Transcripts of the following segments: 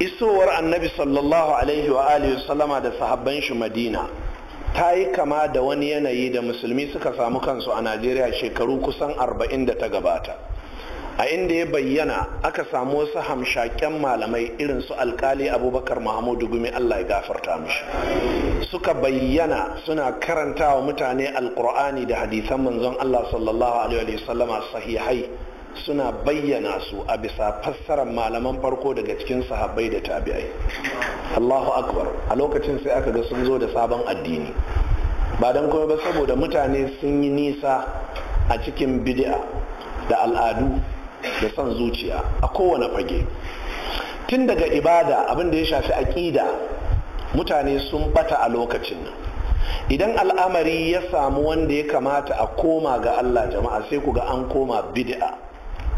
isowar annabi sallallahu alaihi wa alihi sallama da sahabban shi madina ta yi kama da wani yanayi da musulmi suka samu kansu a najeriya shekaru kusan arba'in da ta gabata a inda ya bayyana aka samu wasu hamshaken malamai irin su alkali abubakar mahamudu gumi allah ya gafarta mishi suka bayyana suna karanta wa mutane alkur'ani da hadisan manzon allah sallallahu alaihi wa sallama sahihai suna bayyana su a bisa fassarar malaman farko daga cikin sahabbai da tabi'ai Allahu akbar a lokacin sai aka ga sun zo da sabon addini ba don kuma ba saboda mutane sun yi nisa a cikin bid'a da al'adu da son zuciya a kowane fage tun daga ibada abin da ya shafi aƙida mutane sun bata a lokacin nan idan al'amari ya samu wanda ya kamata a koma ga Allah jama'a sai ku ga an koma bid'a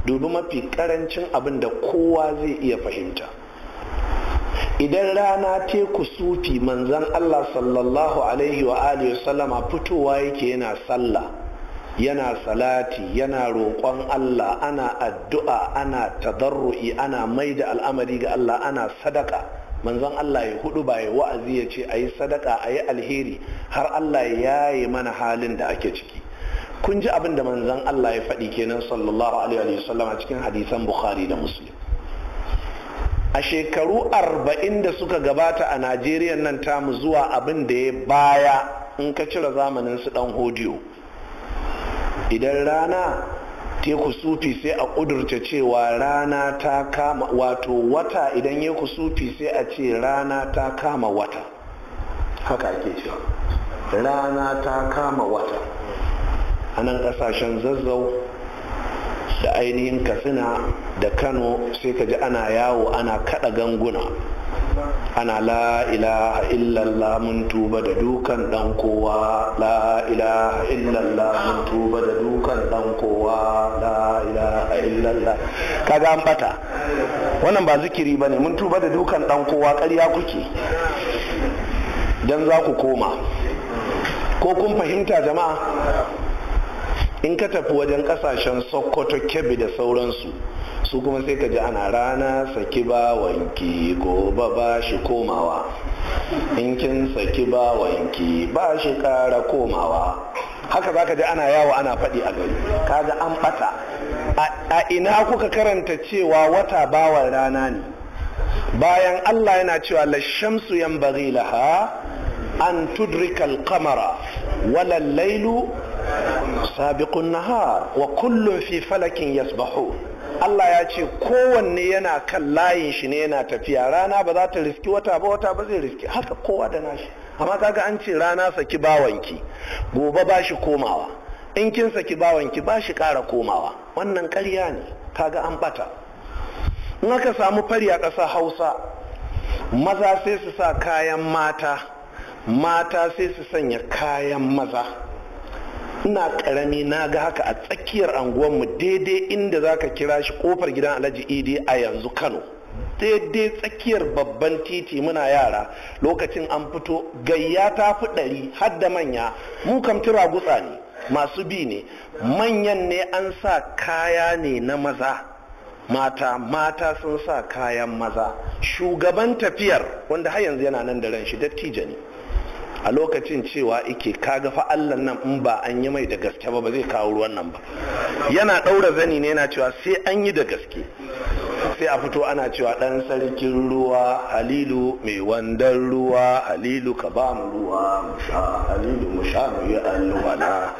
dubi mafi karancin abin da kowa zai iya fahimta idan rana teku sufi manzan allah sallallahu alaihi wa sallama fitowa yake yana sallah yana salati yana roƙon allah ana addu'a ana tazarrui, ana mai da al'amari ga allah ana sadaka manzan allah ya hudu ba ya wa'azi ya ce a yi sadaka a yi alheri har allah ya yi mana halin da ake ciki kun ji abin da manzan Allah ya faɗi kenan sallallahu alaihi wasallam a cikin hadisan bukhari da muslim a shekaru arba'in da suka gabata a najeriya nan tamu zuwa abin da ya baya in ka cire zamanin su dan hodiyo idan rana teku sufi sai a kudurta cewa rana ta kama wato wata idan ya kusufi sai a ce rana ta kama wata haka ake cewa rana ta kama wata a nan kasashen zazzau da ainihin katsina da kano sai ka ji ana yawo ana kada ganguna ana la ilaha illallah mun tuba da dukan dan kowa la ilaha illallah mun tuba da dukan dan kowa la ilaha illallah kaga an bata wannan ba zikiri bane mun tuba da dukan dan kowa ƙarya kuke dan za ku koma ko kun fahimta jama'a in ka tafi wajen kasashen sokoto kebbi da sauransu su kuma sai ka ji ana rana saki ba wanki gobe ba shi komawa in kin saki ba wanki ba shi kara komawa haka za ka ji ana yawo ana faɗi a gari kaga an ɓata a ina kuka karanta cewa wata bawan rana ne bayan allah yana cewa lashamsu yan bari laha an tudrikal kamara wala lailu na nahar wa kullum fi falakin yasbahu Allah ya ce kowanne yana kan layin shi ne yana tafiya rana ba za ta riski wata ba wata ba zai riski haka kowa da nashi amma kaga an ce rana saki bawanki gobe ba shi komawa in kin saki bawanki ba shi ƙara komawa wannan karya ne kaga an bata in aka samu fari a ƙasa hausa maza sai su sa kayan mata mata sai su sanya kayan maza ina karami na ga haka a tsakiyar anguwanmu daidai inda za ka kira shi kofar gidan alhaji idi a yanzu kano daidai tsakiyar babban titi muna yara lokacin an fito gayya ta fi ɗari har da manya mu kamtura gutsa ne masu bi ne manyan ne an sa kaya ne na maza mata mata sun sa kayan maza shugaban tafiyar wanda har yanzu yana nan da ran shi dattijo ne a lokacin cewa ike kaga fa Allah nan in ba an yi mai da gaske ba ba zai kawo ruwan nan ba yana ɗaura zani ne yana cewa sai an yi da gaske sai a fito ana cewa ɗan sarkin ruwa halilu mai wandan ruwa halilu ka ba mu ruwa mu halilu mu sha mu yi alwana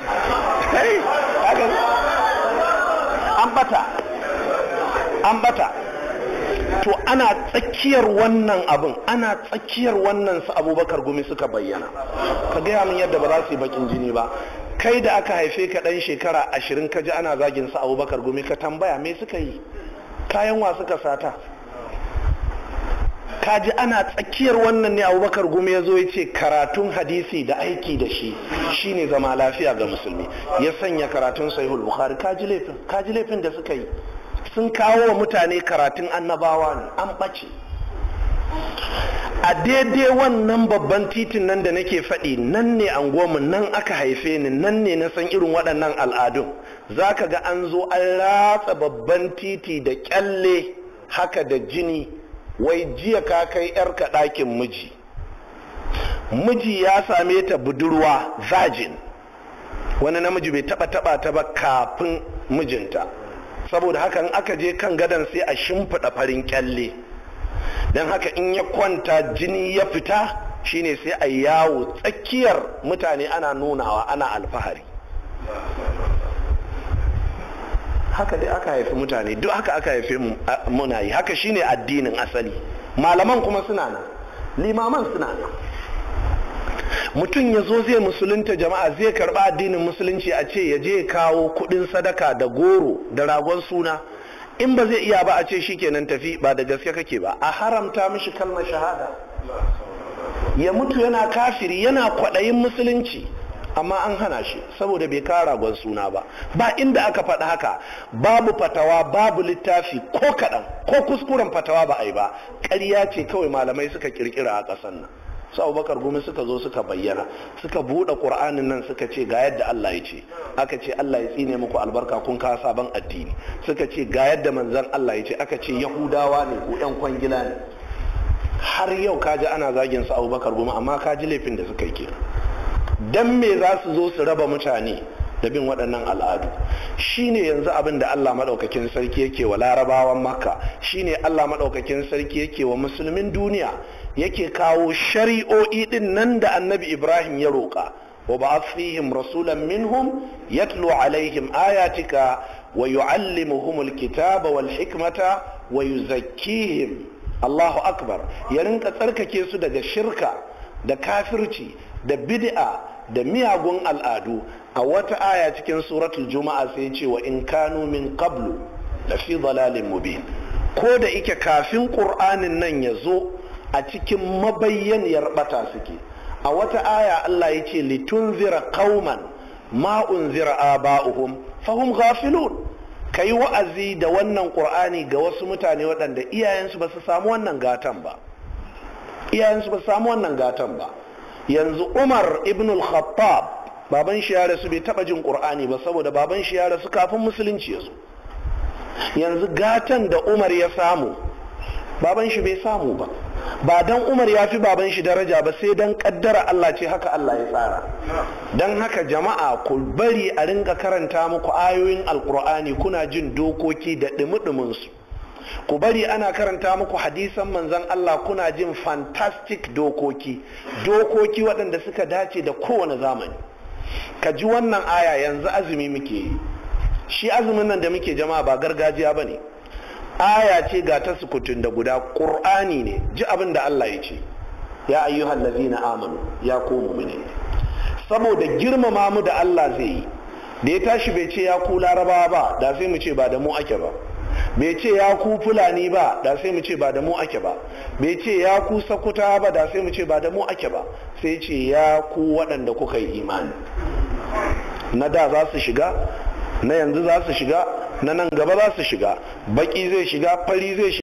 an bata an bata wato ana tsakiyar wannan abin ana tsakiyar wannan su abubakar gumi suka bayyana ka gaya min yadda ba za su yi bakin jini ba kai da aka haife ka ɗan shekara ashirin ka ji ana zagin su abubakar gumi ka tambaya me suka yi kayan wa suka sata ka ji ana tsakiyar wannan ne abubakar gumi ya zo ya ce karatun hadisi da aiki da shi shine zama lafiya ga musulmi ya sanya karatun sahihul bukhari ka ji laifin da suka yi sun kawo wa mutane karatun annabawa ne an ɓace a daidai wannan babban titin nan da nake faɗi nan ne anguwanmu nan aka haife ni nan ne na san irin waɗannan al'adun za ka ga an zo an ratsa babban titi da ƙyalle haka da jini wai jiya ka kai 'yarka ɗakin miji miji ya same ta budurwa zajin. wani namiji bai taɓa taɓa ta ba kafin mijinta saboda hakan aka je kan gadon sai a shimfiɗa farin kyalle don haka in ya kwanta jini ya fita shine sai a yawo tsakiyar mutane ana nunawa ana alfahari haka dai aka haifi mutane duk haka aka haifi munayi, haka shine addinin asali malaman kuma suna nan limaman suna nan mutum ya zo zai musulunta jama'a zai karba addinin musulunci a ce ya je kawo kudin sadaka da goro da ragon suna in ba zai iya ba a ce shi shikenan tafi ba da gaske kake ba a haramta mishi kalmar shahada ya mutu yana kafiri yana kwaɗayin musulunci amma an hana shi saboda bai kawo ragon suna ba ba inda aka faɗi haka babu fatawa babu littafi ko kaɗan ko kuskuren fatawa ba a yi ba ƙarya ce kawai malamai suka ƙirƙira a ƙasar nan su abubakar gumi suka zo suka bayyana suka buɗe ƙur'anin nan suka ce ga yadda Allah ya ce aka ce Allah ya tsine muku albarka kun kawo sabon addini suka ce ga yadda manzan Allah ya ce aka ce yahudawa ne ko yan kwangila ne har yau kaji ana zagin su abubakar gumi amma kaji laifin da suka yi dan me za su zo su raba mutane da bin waɗannan al'adu shine yanzu abin da Allah maɗaukakin sarki yake wa larabawan makka shine Allah maɗaukakin sarki yake wa musulmin duniya yake kawo shari'o'i din nan da annabi ibrahim ya roƙa wa ba fihim rasulan minhum yatlu alaihim ayatika wa yu'allimuhumul kitaba wal hikmata wa yuzakkihim Allahu akbar ya rinka tsarkake su daga shirka da kafirci da bid'a da miyagun al'adu a wata aya cikin suratul juma'a sai ce wa in kanu min qablu da fi dalalin mubin ko da ike kafin qur'anin nan ya zo a cikin mabayyaniyar bata suke a wata aya Allah ya ce litunzira qauman ma unzira aba'uhum fahum ghafilun kai wa'azi da wannan qur'ani ga wasu mutane waɗanda iyayensu ba su samu wannan gatan ba iyayensu ba su samu wannan gatan ba yanzu Umar ibn al-Khattab baban shi ya rasu bai taba jin qur'ani ba saboda baban shi ya rasu kafin musulunci ya zo yanzu gatan da Umar ya samu baban shi bai samu ba ba dan umar ya fi baban shi daraja ba sai dan kaddara Allah ce haka Allah ya tsara dan haka jama'a ku bari a rinka karanta muku ayoyin alkur'ani kuna jin dokoki da dumi su ku bari ana karanta muku hadisan manzan Allah kuna jin fantastic dokoki dokoki waɗanda suka dace da kowane zamani ka ji wannan aya yanzu azumi muke shi azumin nan da muke jama'a ba gargajiya ba ne aya ce ga ta sukutun da guda ƙur'ani ne ji abin da Allah ya ce ya ayyuhal ladzina amanu ya komo mine saboda girmama mu da Allah zai yi da ya tashi bai ce ya ku larabawa ba da sai mu ce ba da mu ake ba bai ce ya ku fulani ba da sai mu ce ba da mu ake ba bai ce ya ku sakuta ba da sai mu ce ba da mu ake ba sai ce ya ku waɗanda kuka yi imani na da za su shiga na yanzu za su shiga na nan gaba za su shiga baki zai shiga fari zai shiga